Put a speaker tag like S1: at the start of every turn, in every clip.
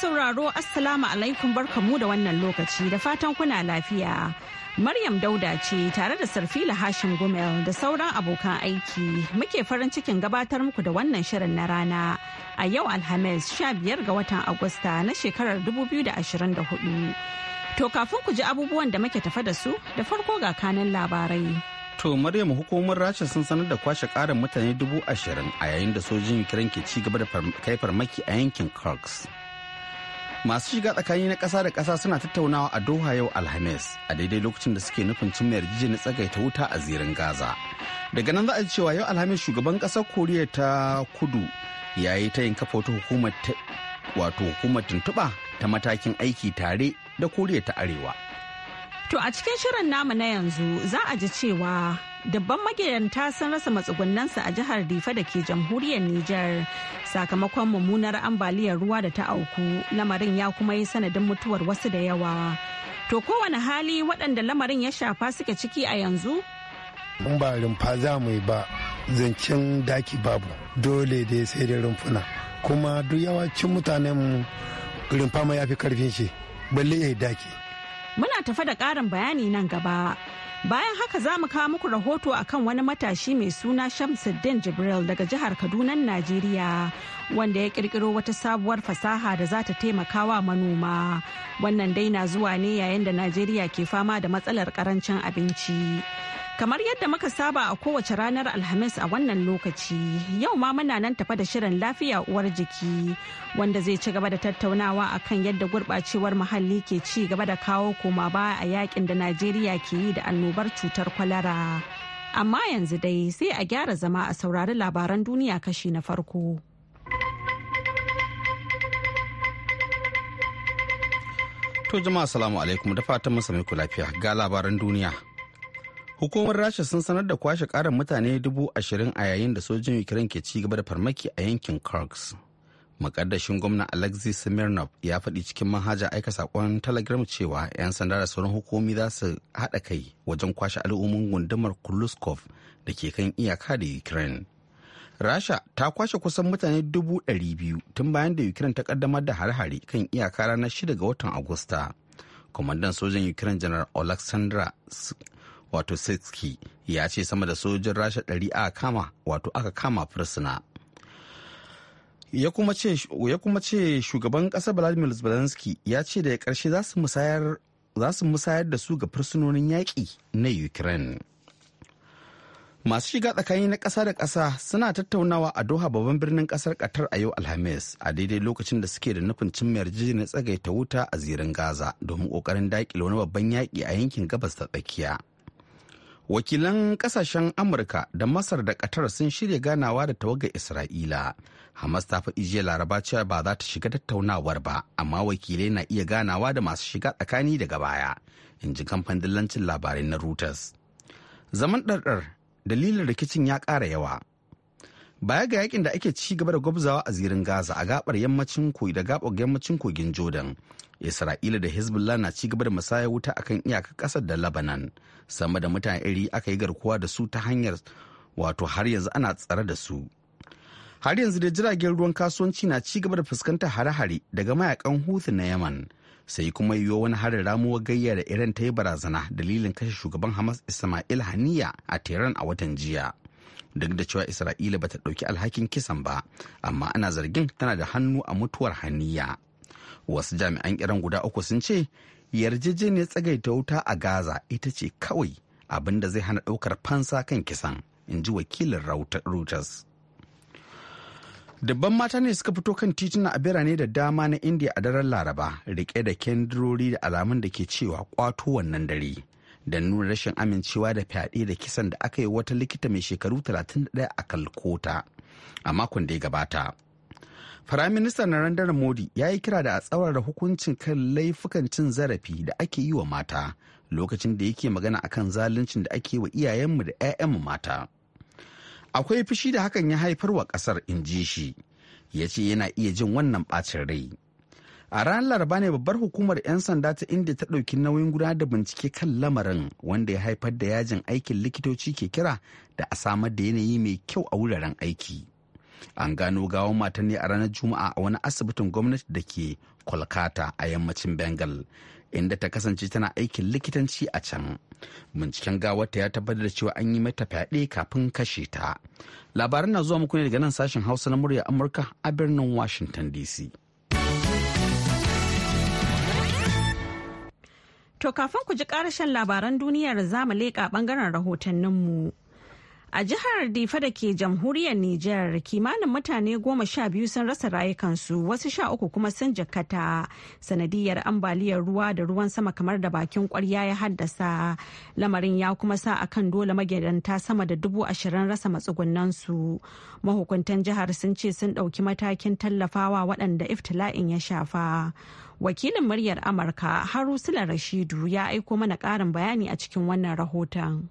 S1: sauraro Assalamu alaikum barkamu da wannan lokaci da fatan kuna lafiya. Maryam Dauda ce tare da Sarfila Hashim Gumel da sauran abokan aiki muke farin cikin gabatar muku da wannan shirin na rana a yau Alhamis 15 ga watan Agusta na shekarar 2024. To kafin ku ji abubuwan da muke tafa da su da farko ga kanan labarai.
S2: To
S3: Maryam hukumar Rasha sun sanar da kwashe karin mutane dubu ashirin a yayin da sojin Ukraine ke ci gaba da kai farmaki a yankin corks. masu shiga tsakani na ƙasa da ƙasa suna tattaunawa a doha yau alhamis a daidai lokacin da suke nufin cimma yarjejeniyar tsagaita wuta a zirin gaza daga nan za a ji cewa yau alhamis shugaban ƙasar koriya ta kudu ya yi ta yin kafa wata hukumar wato hukumar tuntuɓa ta matakin aiki tare da koriya ta arewa
S1: To a cikin shirin namu na yanzu za a ji cewa dabban magidanta sun rasa matsugunansu a jihar Difa da ke jamhuriyar Nijar sakamakon mummunar ambaliyar ruwa da ta auku lamarin ya kuma yi sanadin mutuwar wasu da yawa. To kowane hali waɗanda lamarin ya shafa suke ciki a yanzu? In
S4: ba rumfa za ba zancen daki babu dole da sai da rumfuna kuma duk yawancin mutanen rumfa ma ya fi karfin shi balle ya yi daki.
S1: Muna tafa da ƙarin bayani nan gaba. Bayan haka za mu kawo muku rahoto akan wani matashi mai suna Shamsuddin Jibril daga jihar Kaduna, Najeriya, wanda ya kirkiro wata sabuwar fasaha da za ta taimaka wa manoma. Wannan dai na zuwa ne yayin da Najeriya ke fama da matsalar karancin abinci. Kamar yadda muka saba a kowace ranar Alhamis a wannan lokaci, yau ma muna nan tafa da shirin lafiya uwar jiki wanda zai ci gaba da tattaunawa a kan yadda gurɓacewar muhalli ke ci gaba da kawo koma ba a yakin da Najeriya ke yi da annobar cutar kwalara. Amma yanzu dai sai a gyara zama a saurari labaran duniya kashi na farko.
S3: To jama'a salamu alaikum da fatan mun lafiya ga labaran duniya Hukumar Rasha sun sanar da kwashe ƙarin mutane dubu ashirin a yayin da sojin Ukraine ke ci gaba da farmaki a yankin Kursk. Makaddashin gwamna Alexei Smirnov ya faɗi cikin manhaja aika saƙon Telegram cewa 'yan sanda da sauran hukumi za su haɗa kai wajen kwashe al'ummin gundumar Kuluskov da ke kan iyaka da Ukraine. Rasha ta kwashe kusan mutane dubu ɗari biyu tun bayan da Ukraine ta kaddamar da hare-hare kan iyaka ranar 6 ga watan Agusta. Kwamandan sojan Ukraine General Alexandra wato Sitski ya ce sama da sojin Rasha ɗari a kama wato aka kama fursuna. Ya kuma ce shugaban ƙasar Vladimir Zelensky ya ce da ya ƙarshe za su musayar da su ga fursunonin yaƙi na Ukraine. Masu shiga tsakani na ƙasa da ƙasa suna tattaunawa a Doha babban birnin ƙasar Qatar a yau Alhamis a daidai lokacin da suke da nufin cin yarjejeniyar tsagaita wuta a zirin Gaza domin ƙoƙarin daƙile wani babban yaƙi a yankin gabas ta tsakiya. wakilan kasashen amurka da masar da qatar sun shirya ganawa da tawagar isra'ila hamas ta faɗi jiya laraba cewa ba za ta shiga tattaunawar ba amma wakilai na iya ganawa da masu shiga tsakani daga baya in ji kamfan dillancin labarai na reuters zaman ɗarɗar dalilin rikicin ya ƙara yawa baya ga yakin da ake ci gaba da gwabzawa a zirin gaza a gabar yammacin kogi da gabar yammacin kogin jordan isra'ila da hezbollah na ci gaba da masaya wuta akan iyakar kasar da lebanon sama da mutane iri aka yi garkuwa da su ta hanyar wato har yanzu ana tsare da su har yanzu da jiragen ruwan kasuwanci na ci gaba da fuskantar hare-hare daga mayakan hutu na yaman sai kuma yiwuwa wani harin ramuwa gayya da iran ta yi barazana dalilin kashe shugaban hamas ismail haniya a tehran a watan jiya duk da cewa isra'ila bata ɗauki alhakin kisan ba amma ana zargin tana da hannu a mutuwar haniya wasu jami'an iran guda uku sun ce yarjejeniyar tsagaita wuta a gaza ita ce kawai abin da zai hana ɗaukar fansa kan kisan in ji wakilin reuters Dabban mata ne suka fito kan tituna a birane da dama na India a daren Laraba, rike da kyandirori da alamun da ke cewa kwato wannan dare. da nuna rashin amincewa da fyaɗe da kisan da aka yi wata likita mai shekaru 31 a kalkota a makon da ya gabata Firaministan Narendra Modi ya yi kira da a da hukuncin kan laifukan cin zarafi da ake yi wa mata lokacin da yake magana akan zaluncin da ake wa iyayenmu da 'ya'yanmu mata. Akwai fushi da hakan ya haifar wa ƙasar in ji shi, ya ce yana iya jin wannan ɓacin rai. a ranar laraba ne babbar hukumar 'yan sanda ta inda ta ɗauki nauyin gudanar da bincike kan lamarin wanda ya haifar da yajin aikin likitoci ke kira da a samar da yanayi mai kyau a wuraren aiki an gano gawon matan ne a ranar juma'a a wani asibitin gwamnati da ke kolkata a yammacin bengal inda ta kasance tana aikin likitanci a can binciken gawarta ya tabbatar da cewa an yi mata fyaɗe kafin kashe ta labaran na zuwa muku ne daga nan sashen hausa na murya amurka a birnin
S1: washington dc To kafin ku ji ƙarashen labaran duniyar zamu leƙa ɓangaren rahotanninmu. mu. A jihar Difa da ke jamhuriyar Nijar kimanin mutane goma sha biyu sun rasa rayukansu wasu sha uku kuma sun jakata sanadiyar ambaliyar ruwa da ruwan sama kamar da bakin kwarya ya haddasa lamarin ya kuma sa akan dole magidanta sama da dubu ashirin rasa matsugunansu mahukuntan jihar sun ce sun ɗauki matakin tallafawa waɗanda iftila'in ya shafa wakilin muryar amurka harusula rashidu ya aiko mana ƙarin bayani a cikin wannan rahoton.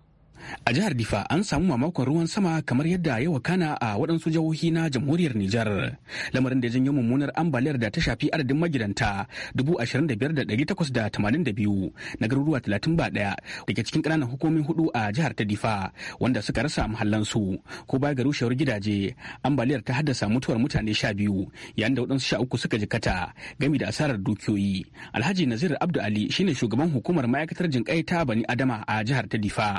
S4: a jihar difa an samu mamakon ruwan sama kamar yadda ya wakana a waɗansu jihohi na jamhuriyar nijar lamarin da janyo mummunar ambaliyar da ta shafi adadin magidanta 25,882 na garuruwa 31 daga cikin ƙananan hukumomin hudu a jihar ta difa wanda suka rasa mahallansu ko baya ga rushewar gidaje ambaliyar ta haddasa mutuwar mutane sha 12 yayin da waɗansu uku suka jikata gami da asarar dukiyoyi alhaji nazir abdu ali shine shugaban hukumar ma'aikatar jinƙai ta bani adama a jihar ta difa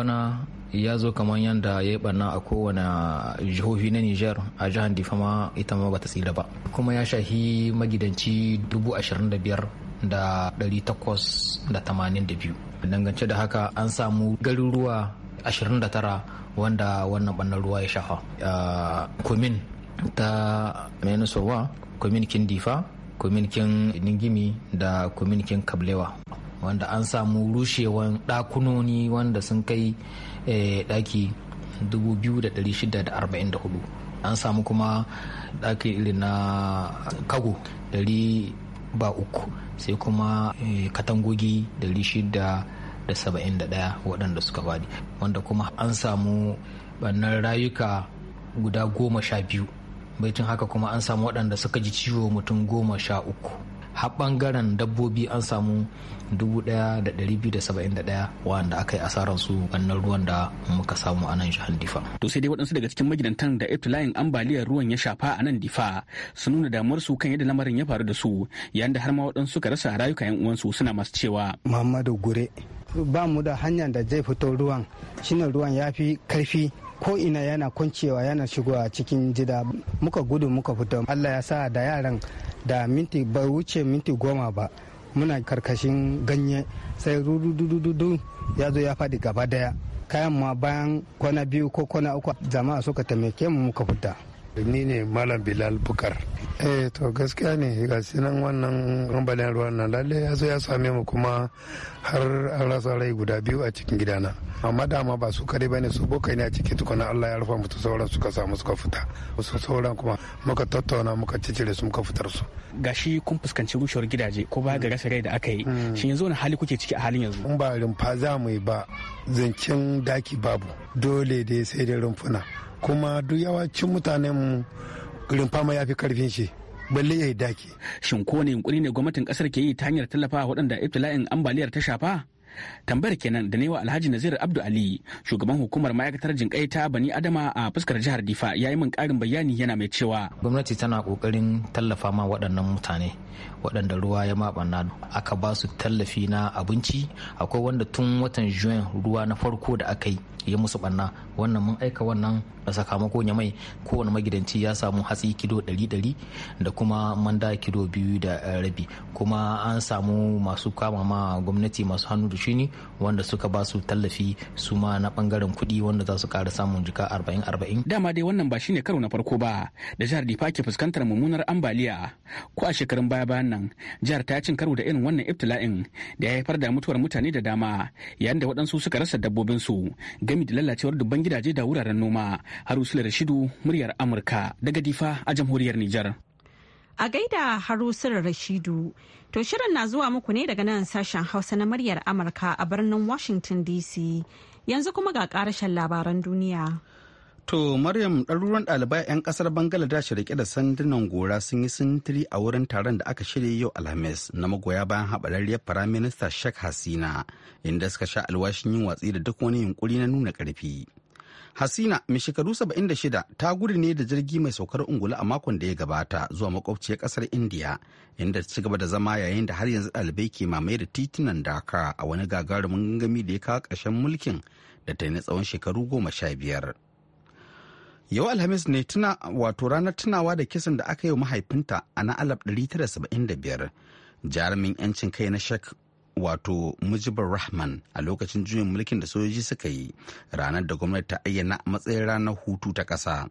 S2: bana ya zo kamar yadda ya yi barna a kowane jihohi na niger a jihar difama ita ma bata tsira ba kuma ya shahi magidanci 25,000 da dangance da haka an samu garuruwa 29 wanda wannan barna ruwa ya shafa kumin ta menusowa kumin kin difa kumin kin ningimi da kumin kin kablewa wanda an samu rushewan ɗakunoni wanda sun kai eh, ɗaki 2644 an samu kuma ɗaki irin na kago dari ba uku sai kuma eh, katangogi 671 waɗanda suka faɗi wanda kuma an samu ɓannar rayuka guda goma sha biyu baitin haka kuma an samu waɗanda suka ji ciwo mutum goma sha uku har bangaren dabbobi an samu 1,271 wanda aka yi asarar su wannan ruwan da muka samu a nan jihar difa
S4: to sai dai waɗansu daga cikin magidantan da iftilayin ambaliyar ruwan ya shafa a nan difa su nuna damar su kan yadda lamarin ya faru da su yayin da har ma waɗansu suka rasa rayuka yan uwansu suna masu cewa
S3: muhammadu gure ba mu da hanya da zai fito ruwan shine ruwan ya fi karfi ko ina yana kwancewa yana shigowa cikin gida muka gudu muka fito allah ya sa da yaran da minti ba wuce minti goma ba muna karkashin ganye sai rududududu ya zo ya faɗi gaba daya kayan ma bayan kwana biyu ko kwana uku jama'a suka taimake mu muka fita
S5: ni ne malam bilal bukar
S4: eh to gaskiya ne ga sinan wannan ambaliyar ruwan nan lalle ya zo ya same mu kuma har an rasa rai guda biyu a cikin gidana amma dama ba su kare bane su bokai ne a cikin tukuna Allah ya rufa mutu sauran suka samu suka fita wasu sauran kuma muka tattauna muka cicire su muka fitar su gashi kun fuskanci rushewar gidaje ko ba ga rasa rai da aka yi mm. shi yanzu wani hali kuke ciki a halin yanzu in ba rumfa za mu yi ba zancen daki babu dole dai sai da rumfuna kuma duk yawancin mutanen mu ma ya fi karfin shi balle ya yi daki shin ko ne yunkuri ne gwamnatin kasar ke yi ta hanyar tallafawa waɗanda ibtila'in ambaliyar ta shafa tambayar kenan da newa alhaji nazir abdu ali shugaban hukumar ma'aikatar jinƙai ta bani adama a fuskar jihar difa
S2: ya yi min ƙarin bayani yana mai cewa gwamnati tana ƙoƙarin tallafa ma waɗannan mutane waɗanda ruwa ya maɓanna aka ba su tallafi na abinci akwai wanda tun watan juin ruwa na farko da aka yi ya musu banna wannan mun aika wannan da sakamako ya mai kowane magidanci ya samu hatsi kilo ɗari da kuma manda kilo biyu da eh, rabi kuma an samu masu kama ma gwamnati masu hannu da shini wanda suka ba su tallafi su ma na bangaren kuɗi wanda za su ƙara samun jika arba'in arba'in. dama dai wannan ba shine karo na farko ba da jihar difa ke fuskantar
S4: mummunar ambaliya ko a shekarun baya bayan nan jihar ta cin karo da irin wannan ibtila'in da ya haifar da mutuwar mutane da dama yayin da waɗansu suka rasa dabbobinsu gami da lalacewar dubban gidaje da wuraren noma harusula rashidu muryar amurka daga difa a jamhuriyar nijar
S1: a gaida harusula rashidu to shirin na zuwa muku ne daga nan sashen hausa na muryar amurka a birnin washington dc yanzu kuma ga karashen labaran duniya
S3: To Maryam ɗaruruwan ɗalibai 'yan ƙasar Bangladesh rike da sandunan gora sun yi sintiri a wurin taron da aka shirya yau Alhamis na magoya bayan haɓararriyar Firaminista Sheikh Hasina inda suka sha alwashin yin watsi da duk wani yunkuri na nuna ƙarfi. Hasina mai shekaru 76 ta gudu ne da jirgi mai saukar ungulu a makon da ya gabata zuwa makwabciyar ƙasar India inda ta ci gaba da zama yayin da har yanzu ɗalibai ke mamaye da titunan Dhaka a wani gagarumin gangami da ya kawo ƙarshen mulkin da ta yi na tsawon shekaru goma sha biyar. yau alhamis ne tuna wato ranar tunawa da kisan da aka yi mahaifinta a na alaf 1975 jarumin yancin kai na shek wato mujibar rahman a lokacin juyin mulkin da sojoji suka yi ranar da gwamnati ta ayyana matsayin ranar hutu ta ƙasa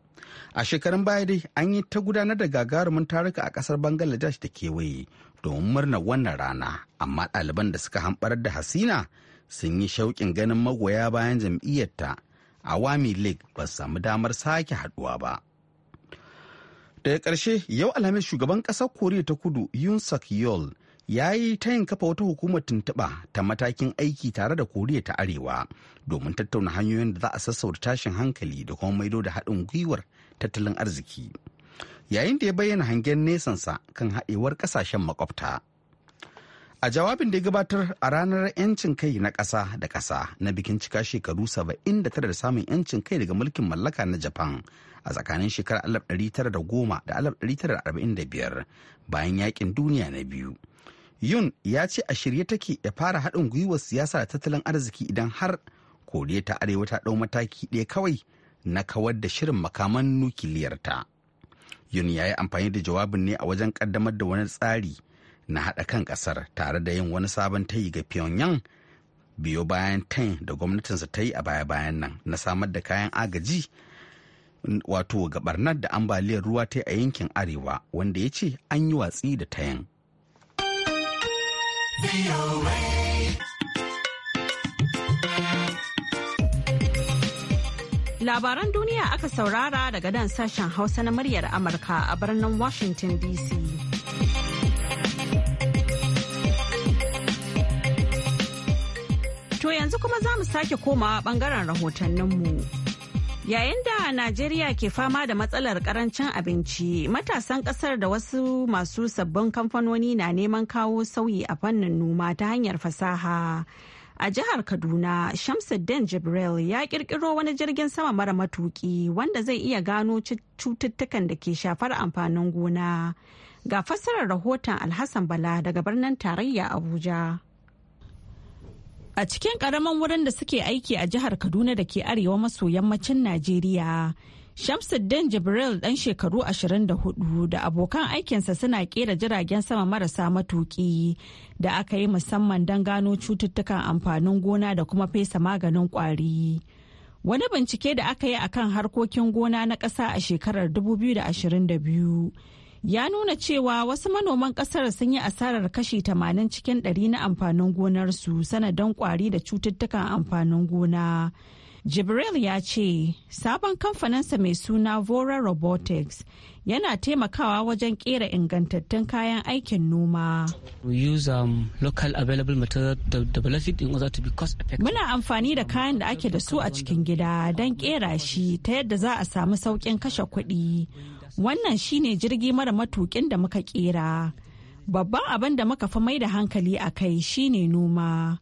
S3: a shekarun baya dai an yi ta gudanar da gagarumin taruka a ƙasar bangladesh da kewaye domin murnar wannan rana amma ɗaliban da suka hanɓar da hasina sun yi shauƙin ganin magoya bayan jam'iyyarta awami league ba samu damar sake haduwa ba daga ƙarshe yau alhamis shugaban ƙasar koriya ta kudu yun suk yol ya yi tayin kafa wata hukumar tuntuɓa ta matakin aiki tare da koriya ta arewa domin tattauna hanyoyin da za a sassauta tashin hankali da kuma maido da haɗin gwiwar tattalin arziki yayin da ya bayyana hangen nesansa kan haɗewar ƙasashen makwabta A jawabin da ya gabatar a ranar 'yancin kai na ƙasa da ƙasa na bikin cika shekaru 79 da samun 'yancin kai daga mulkin mallaka na Japan a tsakanin shekarar 1910 da 1945 bayan yakin duniya na biyu. Yun ya ce a shirye take ya fara haɗin gwiwar siyasa da tattalin arziki idan har Koriya ta Arewa ta ɗau mataki ɗaya kawai na kawar da shirin makaman nukiliyarta. Yun ya yi amfani da jawabin ne a wajen ƙaddamar da wani tsari na haɗa kan ƙasar tare da yin wani sabon tayi ga pyongyang biyo bayan tan da gwamnatinsa ta yi a baya-bayan nan na samar da kayan agaji wato ga barnar da ambaliyar ruwa ta yi a yankin arewa wanda ya ce an yi watsi da tayan.
S1: Labaran duniya aka saurara daga dan sashen Hausa na muryar Amurka a birnin Washington DC. To yanzu kuma za mu sake komawa bangaren rahotanninmu. Yayin da Najeriya ke fama da matsalar karancin abinci, matasan kasar da wasu masu sabbin kamfanoni na neman kawo sauyi a fannin noma ta hanyar fasaha. A jihar Kaduna, Shamsuddin Jibril ya kirkiro wani jirgin sama mara matuki wanda zai iya gano cututtukan da ke shafar amfanin gona. Ga fassarar rahoton Alhassan Bala daga birnin tarayya Abuja. A cikin ƙaramin wurin da suke aiki a jihar Kaduna da ke arewa maso yammacin Najeriya, Shamsuddin Jibril ɗan shekaru 24 da abokan aikinsa suna kera jiragen sama marasa matuki. da aka yi musamman don gano cututtukan amfanin gona da kuma fesa maganin kwari Wani bincike da aka yi a kan harkokin gona na ƙasa a shekarar 2022 ya nuna cewa wasu manoman kasar sun yi asarar kashi 80 cikin 100 na amfanin gonarsu sanadin kwari da cututtukan amfanin gona. Jibril ya ce sabon kamfaninsa mai suna Vora Robotics yana taimakawa wajen kera ingantattun kayan aikin noma.
S4: Um,
S1: Muna amfani da kayan da ake da su a cikin gida don kera shi ta yadda za a samu sauƙin kashe kuɗi. Wannan shine jirgi mara matukin da muka kera. Babban abin da muka fi mai da hankali a kai shine noma.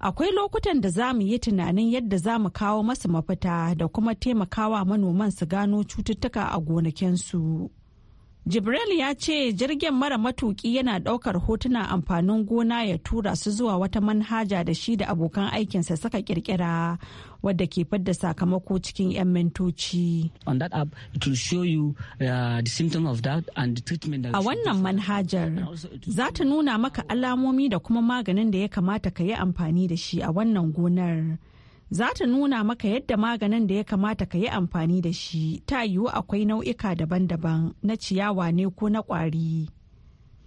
S1: Akwai lokutan da za mu yi tunanin yadda za mu kawo masu mafita da kuma taimakawa manoman su gano cututtuka a gonakinsu. jibril ya ce jirgin mara matuki yana daukar hotuna amfanin gona ya tura su zuwa wata manhaja da shi da abokan aikinsa saka kirkira wadda ke fadda sakamako cikin 'yan mintoci.
S4: Uh,
S6: a wannan
S1: manhajar za ta nuna maka alamomi da kuma maganin da ya kamata ka yi amfani da shi a wannan gonar. za ta nuna maka yadda maganin da ya kamata ka yi amfani da shi ta yiwu akwai nau'ika daban-daban na ciyawa ne ko na ƙwari.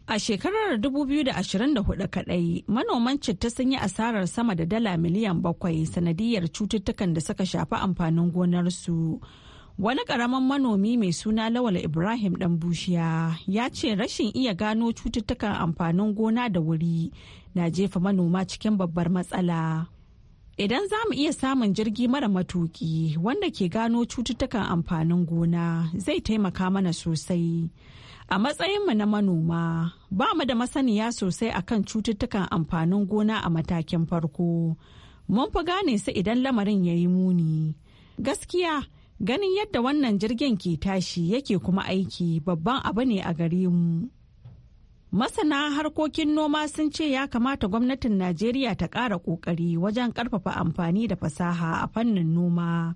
S1: A shekarar 2024 kadai manoman citta sun yi asarar sama da dala miliyan bakwai sanadiyar cututtukan da suka shafi amfanin gonarsu. Wani ƙaramin manomi mai suna Lawal Ibrahim ɗan bushiya ya ce rashin iya gano cututtukan amfanin gona da wuri na jefa manoma cikin babbar matsala. Idan za mu iya samun jirgi mara matuki wanda ke gano cututtukan amfanin gona zai taimaka mana sosai. A matsayinmu na manoma, ba mu da masaniya sosai a kan cututtukan amfanin gona a matakin farko. Mun fi gane su idan lamarin ya yi muni. Gaskiya, ganin yadda wannan jirgin ke tashi yake kuma aiki babban abu ne a gare mu. Masana harkokin noma sun ce ya kamata gwamnatin Najeriya ta ƙara ƙoƙari wajen ƙarfafa amfani da fasaha a fannin noma.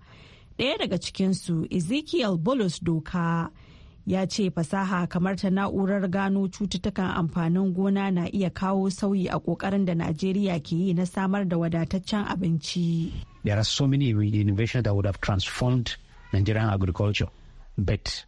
S1: Ɗaya daga cikinsu Ezekiel Bolus Doka ya ce fasaha kamar ta na'urar gano cututtukan amfanin gona na iya kawo sauyi a ƙoƙarin da Najeriya ke yi na samar da wadataccen abinci.
S4: There are so many innovations that would have transformed Nigerian agriculture, but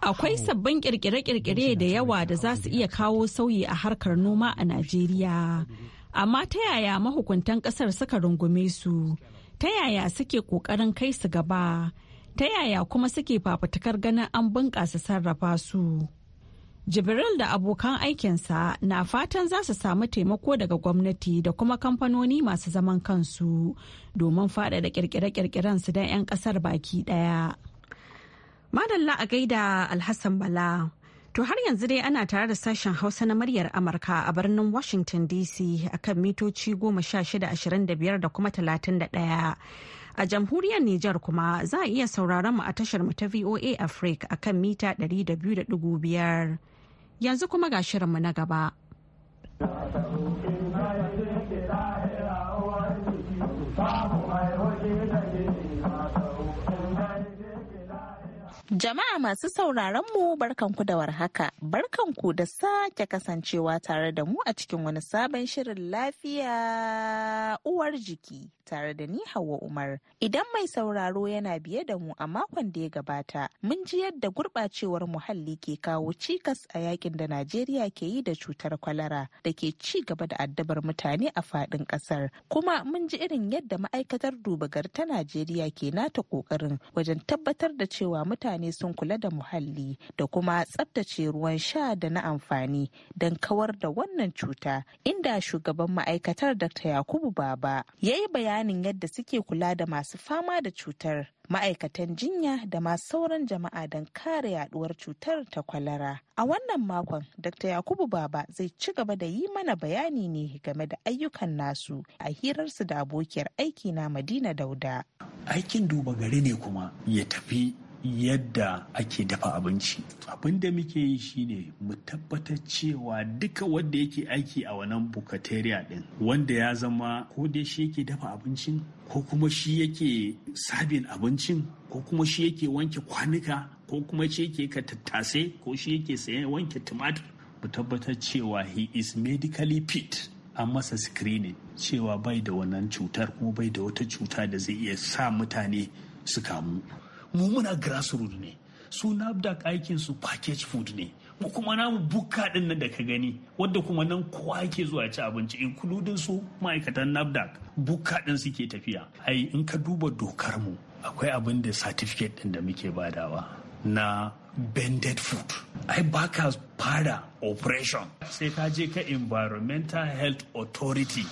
S1: Akwai sabbin kirkire-kirkire da yawa da za su iya kawo sauyi a harkar noma a Najeriya. Amma ta yaya mahukuntan ƙasar suka rungume su? Ta yaya suke ƙoƙarin kai su gaba? Ta yaya kuma suke fafutukar ganin an bunƙasa sarrafa su? Jibril da abokan aikinsa na fatan za su samu taimako daga gwamnati da kuma kamfanoni masu zaman kansu domin faɗaɗa kirkire-kirkiren su don 'yan ƙasar baki ɗaya. Madalla a gaida Alhassan Bala. To har yanzu dai ana tare da sashen Hausa na muryar Amurka a birnin Washington DC akan mitoci goma sha shida ashirin da biyar da kuma talatin da ɗaya. A jamhuriyar Nijar kuma za a iya sauraron mu a tashar mu ta VOA Africa a kan mita ɗari da biyu da biyar. Yanzu kuma ga shirinmu na gaba.
S7: Jama'a masu sauraron mu ku da warhaka, barkanku da sake kasancewa tare da mu a cikin wani sabon shirin lafiya uwar jiki tare da ni Hauwa Umar. Idan mai sauraro yana biye da mu a makon da ya gabata, mun ji yadda gurɓacewar muhalli ke kawo cikas a yakin da Najeriya ke yi da cutar kwalara da ke ci gaba da addabar mutane a faɗin ƙasar. Kuma mun ji irin yadda ma'aikatar duba ta Najeriya ke nata ƙoƙarin wajen tabbatar da cewa mutane mutane sun kula da muhalli da kuma tsabtace ruwan sha da na amfani don kawar da wannan cuta inda shugaban ma'aikatar Dr. Yakubu Baba ya yi bayanin yadda suke kula da masu fama da cutar. ma'aikatan jinya da ma sauran jama'a don kare yaduwar cutar ta kwalara. A wannan makon, Dr. Yakubu Baba zai ci gaba da yi mana bayani ne game da ayyukan nasu a hirarsu da abokiyar aiki na Madina Dauda.
S6: Aikin duba gari ne kuma ya tafi yadda ake dafa abinci abinda muke yi shine mu tabbatar cewa duka wanda yake aiki a wannan bukateriya din wanda ya zama ko dai shi yake dafa abincin ko kuma shi yake sabin abincin ko kuma shi yake wanke kwanuka ko kuma shi yake ka tattase ko shi yake sayan wanke tumatir mu tabbatar cewa he is medically fit an masa screening cewa bai da wannan cutar kuma bai da wata cuta da zai iya sa mutane su kamu mu muna root ne su nafdac aikin su package food ne mu kuma namu bukka din nan da ka gani wadda kuma nan kowa yake zuwa ci abinci including su ma'aikatan nafdac bukka din suke tafiya ai in ka duba dokar mu akwai abin da certificate din da muke badawa na bended food ai baka fara operation sai ka je ka environmental health authority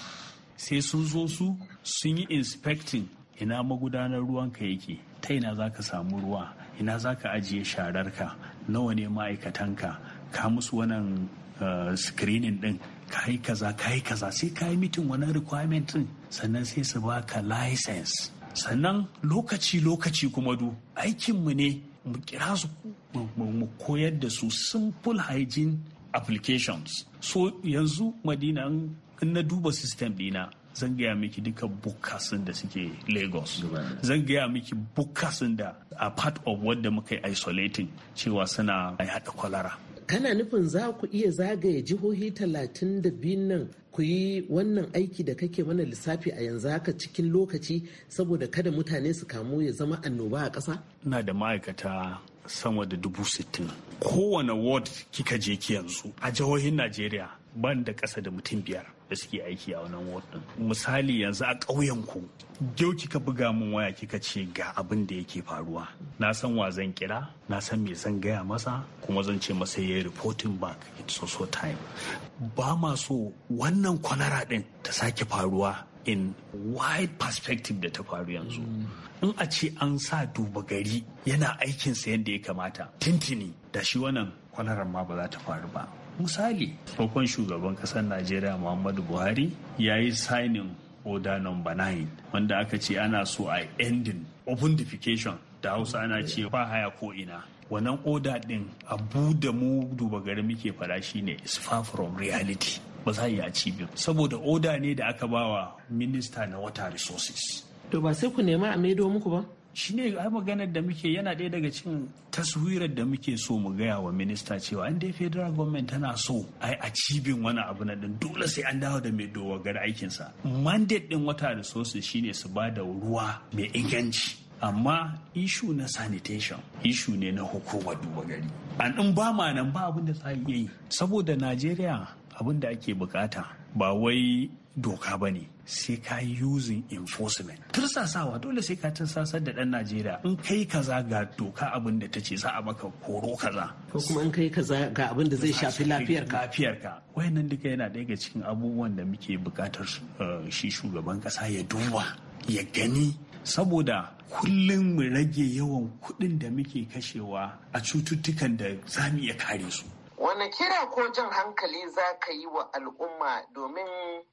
S6: sai sun zo su sun yi inspecting ina magudanar ruwanka yake ta ina za ka samu ruwa ina za ka ajiye shararka nawa ne ma'aikatanka ka musu wannan eh, screening din ka yi kaza ka yi kaza sai ka yi mitin wani requirement din sannan sai su ba ka license sannan lokaci lokaci kuma du aikinmu ne mu kira su mu koyar da su simple hygiene applications so yanzu madina in na duba system dina zan gaya miki duka bukasin da suke lagos zan gaya miki bukasin da a part of wadda muka yi isolating cewa suna hada kwalara
S3: kana nufin za ku iya zagaye jihohi talatin da biyun nan ku yi wannan aiki da kake mana lissafi a yanzu haka cikin lokaci saboda kada mutane su kamu ya zama annoba a ƙasa?
S6: na da ma'aikata sama da dubu sittin kowane ward kika je ki yanzu a jihohin najeriya ban da ƙasa da mutum biyar da suke aiki a wannan ward din misali yanzu a ƙauyen ku yau kika buga min waya kika ce ga abin da yake faruwa na san wa zan kira na san me zan gaya masa kuma zan ce masa ya reporting back it's so so time ba ma so wannan kwanara din ta sake faruwa in wide perspective da ta faru yanzu in a ce an sa duba gari yana aikin aikinsa yadda ya kamata tintini da shi wannan kwanarar ma ba za ta faru ba misali farkon shugaban kasar najeriya muhammadu buhari ya yi signing order number 9 wanda aka ce ana so a ending open defecation da hausa ana ce ba haya ko ina wannan oda din abu da mu duba gari muke fara shine is far from reality ba za a yi biyu saboda oda ne da aka bawa minista na water resources
S4: to ba sai ku nema a maido muku ba shi ne a
S6: maganar da muke yana ɗaya daga cikin taswirar da muke so mu gaya wa minista cewa an dai federal government tana so a a cibin wani abu na ɗin dole sai an dawo da mai gar aikinsa mandate ɗin wata resources ne su ba da ruwa mai inganci amma ishu na sanitation ishu ne na hukumar duba gari an in ba ma nan ba abin da za iya yi saboda najeriya abin da ake bukata ba wai doka ba ne sai ka using enforcement tursasawa dole sai ka tursasar da dan najeriya in kai kaza ga doka abin da ta ce za a maka koro kaza ko kuma
S2: in kai kaza ga abin da zai shafi lafiyar ka lafiyar
S6: ka wayannan duka yana ga cikin abubuwan da muke bukatar eh, shi shugaban kasa ya duba ya gani saboda kullum mu rage yawan kuɗin da muke kashewa a cututtukan da za mu iya kare su
S3: Wani kira ko jan hankali za ka yi wa al'umma domin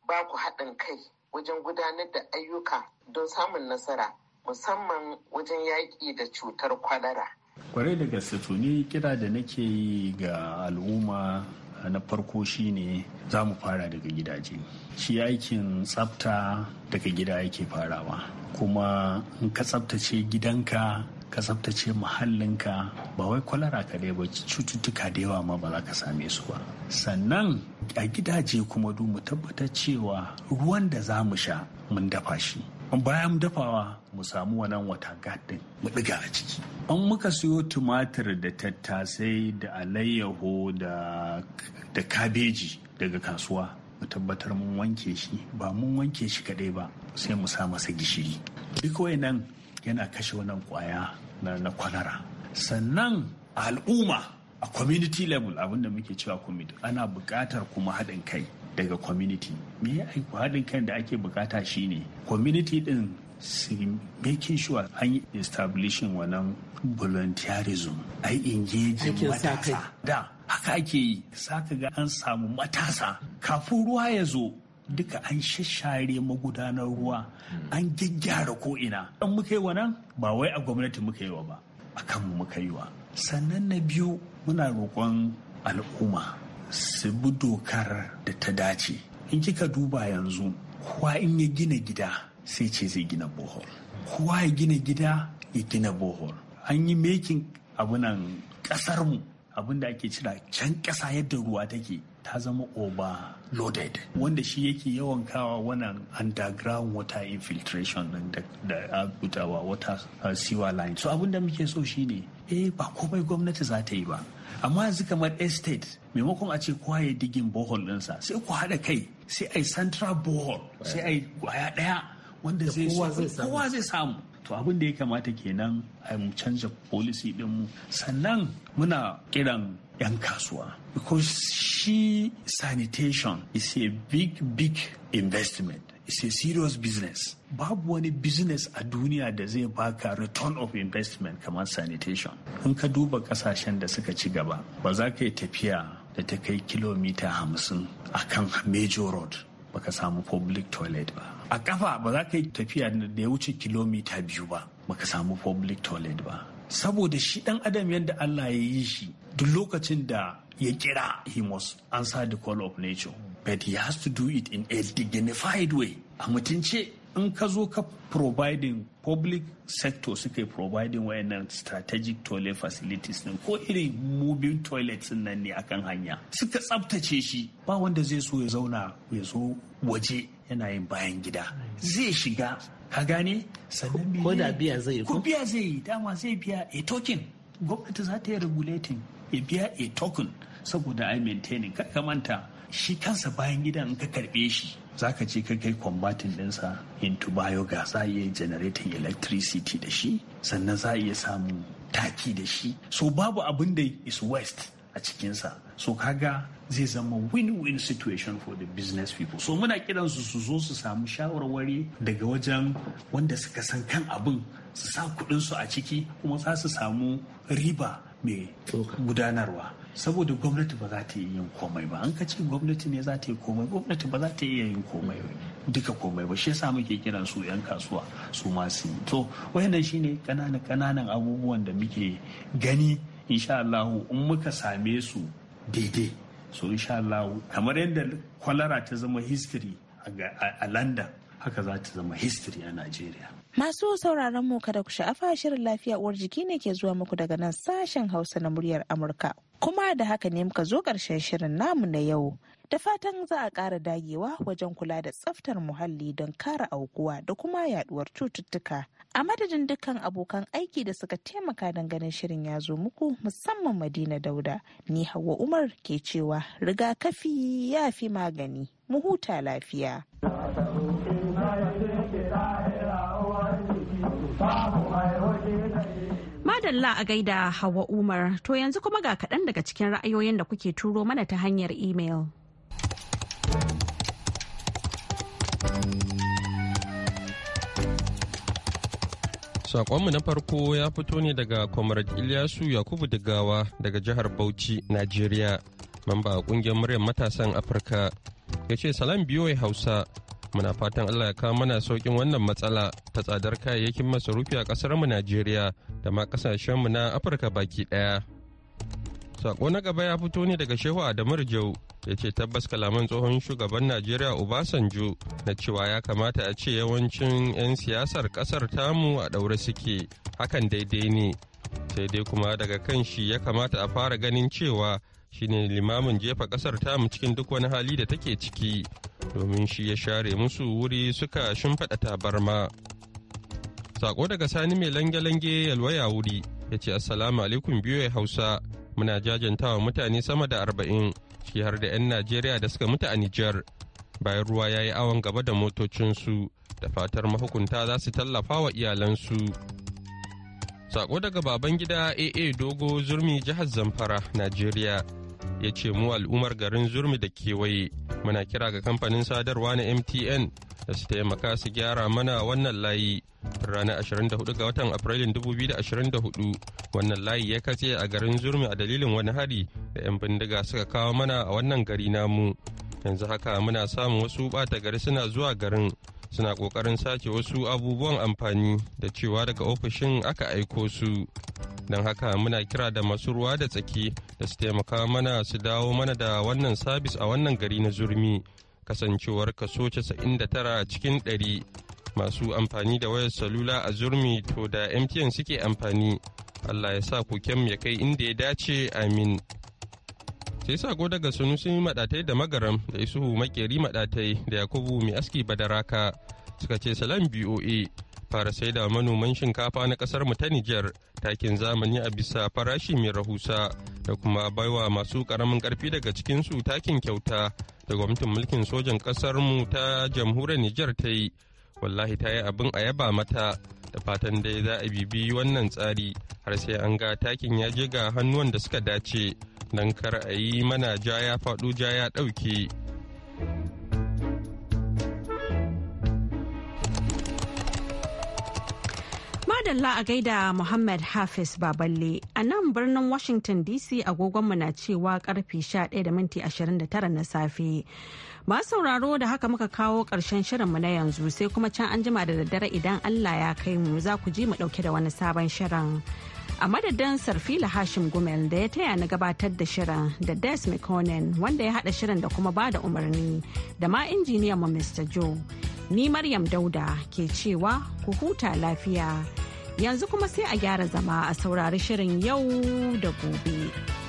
S3: ba ku haɗin kai wajen gudanar da ayyuka don samun nasara musamman wajen yaƙi
S4: da cutar kwalara?
S6: Kwarai da gaske tuni kira da nake yi ga al'umma na farko shine za mu fara daga gidaje shi aikin tsafta daga gida yake farawa kuma in ka tsaftace gidanka ka tsabtace muhallinka ba wai kwalara kaɗai ba cututtuka da yawa ma ba za ka same su ba sannan a gidaje kuma du mu tabbatar cewa ruwan da za mu sha mun dafa shi bayan dafawa mu samu wannan wata gadin mu ɗiga a ciki an muka siyo tumatir da tattasai da alayyaho da kabeji daga kasuwa mu tabbatar mun wanke shi ba mun wanke shi kadai ba sai mu sa masa gishiri duk nan? yana kashe wannan kwaya na kwanara sannan al'umma a community level abinda muke cewa community ana buƙatar kuma haɗin kai daga community me ya aiko haɗin kai da ake bukata shine community din su making sure an yi establishing wannan volunteerism ai engaging matasa da haka ake yi saka ga an samu matasa kafin ruwa ya zo duka an shashare magudanar ruwa hmm. an gyaggyara ko'ina an muka yi wa nan ba wai a gwamnati muka yi wa ba a kanmu muka yi wa sannan na biyu muna roƙon al'umma su bi dokar da ta dace in kika duba yanzu kowa in ya gina gida sai ce zai gina bohol kowa ya gina gida ya gina bohol an yi mekin abunan ƙasarmu abin da ake cira can ƙasa yadda ruwa take ta zama Loaded wanda shi yake yawan kawa wannan underground water infiltration da abutawa water uh, sewer line so da muke so shine eh ba komai gwamnati za ta yi ba amma yanzu kamar estate maimakon a ce kowa ya digin borehole ɗinsa sai ku haɗa kai sai a central borehole sai a kwaya ɗaya wanda kowa zai samu to abin da ya kamata kenan a mu canza policy dinmu sannan muna kiran 'yan kasuwa because shi sanitation is a big big investment it's a serious business babu wani business a duniya da zai baka return of investment kamar sanitation in ka duba kasashen da suka ci gaba ba za ka yi tafiya da ta kai kilomita hamsin a kan major road baka samu public toilet ba a kafa ba za ka yi tafiya da ya wuce kilomita biyu ba baka samu public toilet ba saboda shi dan adam yadda Allah ya yi shi duk lokacin da ya kira he must answer the call of nature but he has to do it in a dignified way a mutunce in ka zo ka providing public sector suka yi providing wayannan strategic toilet facilities din ko irin moving toilets din nan ne akan hanya suka tsabtace shi ba wanda zai so ya zauna ya zo waje yana yin bayan gida zai shiga ka gane sannan ko da biya zai yi ko biya zai yi dama zai biya a token gwamnati za ta yi regulating ya biya a token saboda ai maintaining ka manta shi kansa bayan gidan in ka karbe shi za ka je ka kai kwambatin dinsa into biogas za a iya generating electricity da shi sannan za a iya samun taki da shi so babu abin da is west a cikinsa so kaga zai zama win-win situation for the business people so muna kiran su su zo su samu shawarwari daga wajen wanda suka san kan abin su sa kudinsu a ciki kuma za su samu riba mai gudanarwa saboda gwamnati ba za ta iya yin komai ba an ka gwamnati ne za ta yi komai gwamnati ba za ta iya yin komai duka komai ba shi yasa muke kiran su yan kasuwa su masu yi to wayannan shine kananan kananan abubuwan da muke gani insha Allah in muka same su daidai so insha Allah kamar yadda kwalara ta zama history a London haka za ta zama history a nigeria.
S7: Masu sauraron mu kada ku sha'afa shirin lafiya uwar jiki ne ke zuwa muku daga nan sashen Hausa na muryar Amurka. kuma da haka ne muka zo ƙarshen shirin namu na yau da fatan za a ƙara dagewa wajen kula da tsaftar muhalli don kara aukuwa da kuma yaduwar cututtuka a madadin dukkan abokan aiki da suka taimaka don ganin shirin ya zo muku musamman madina dauda ni hawa umar ke cewa rigakafi ya fi magani mu huta lafiya
S1: Madalla a gaida Hawa Umar, to yanzu kuma ga kaɗan daga cikin ra'ayoyin da kuke turo mana ta hanyar imel.
S5: Sakonmu na farko ya fito ne daga Comrade Ilyasu Yakubu Digawa daga jihar Bauchi, Najeriya, mamba a ƙungiyar muryar matasan Afirka. Ya ce salam biyoyi Hausa muna fatan Allah ya kawo mana saukin wannan matsala ta tsadar kayayyakin masarufi a kasar mu Najeriya da ma kasashen mu na Afirka baki ɗaya. Sako na gaba ya fito ne daga Shehu Adamu Rijau ya ce tabbas kalaman tsohon shugaban Najeriya Obasanjo na cewa ya kamata a ce yawancin 'yan siyasar kasar tamu a daure suke hakan daidai ne. Sai dai kuma daga kan shi ya kamata a fara ganin cewa shine limamin jefa kasar mu cikin duk wani hali da take ciki domin shi ya share musu wuri suka shimfiɗa tabarma sako daga sani mai lange-lange yalwaya wuri ya ce assalamu alaikum biyu hausa muna jajantawa mutane sama da arba'in ciki har da 'yan najeriya da suka mutu a nijar bayan ruwa ya yi awon gaba da motocinsu da fatar mahukunta za su tallafa wa iyalansu sako daga baban gida aa dogo zurmi jihar zamfara najeriya ya ce mu al'ummar garin zurmi da kewaye muna kira ga kamfanin sadarwa na mtn da su taimaka su gyara mana wannan layi ranar 24 ga watan afrilun 2024 wannan layi ya katse a garin zurmi a dalilin wani hari da 'yan bindiga suka kawo mana a wannan gari namu yanzu haka muna samun wasu ɓata gari suna zuwa garin suna kokarin sace wasu abubuwan amfani da cewa daga ofishin aka aiko su don haka muna kira da masu ruwa da tsaki da su taimaka mana su dawo mana da wannan sabis a wannan gari na zurmi kasancewar kaso tara cikin ɗari masu amfani da wayar salula a zurmi to da mtn suke amfani allah ya sa kuken ya kai inda ya dace amin sai sako daga sun yi madatai da magaram da isuhu makeri madatai da yakubu mai aski badaraka suka ce salam boa fara sai da manoman shinkafa na kasar mu ta Nijar takin zamani a bisa farashi mai rahusa da kuma baiwa masu karamin karfi daga cikin su takin kyauta da gwamnatin mulkin sojan kasar mu ta jamhuriyar Nijar ta yi wallahi ta yi abin a yaba mata da fatan dai za a bibi wannan tsari har sai an ga takin ya je ga hannuwan da suka dace don kar a yi mana ja ya faɗo ja ya ɗauke.
S1: Madalla a gaida Muhammad Hafiz Baballe a nan birnin Washington DC agogonmu na cewa karfe 11:29 na safe. Ma sauraro da haka muka kawo ƙarshen shirinmu na yanzu sai kuma can an jima da daddare idan Allah ya kai mu za ku ji mu ɗauke da wani sabon shirin. A madadin Sarfila Hashim Gumel da ya taya na gabatar da shirin da Des mcconnell wanda ya haɗa shirin da kuma ba da umarni da ma injiniyan mu Mr. Joe. Ni Maryam Dauda ke cewa ku huta lafiya. Yanzu kuma sai a gyara zama a saurari shirin yau da gobe.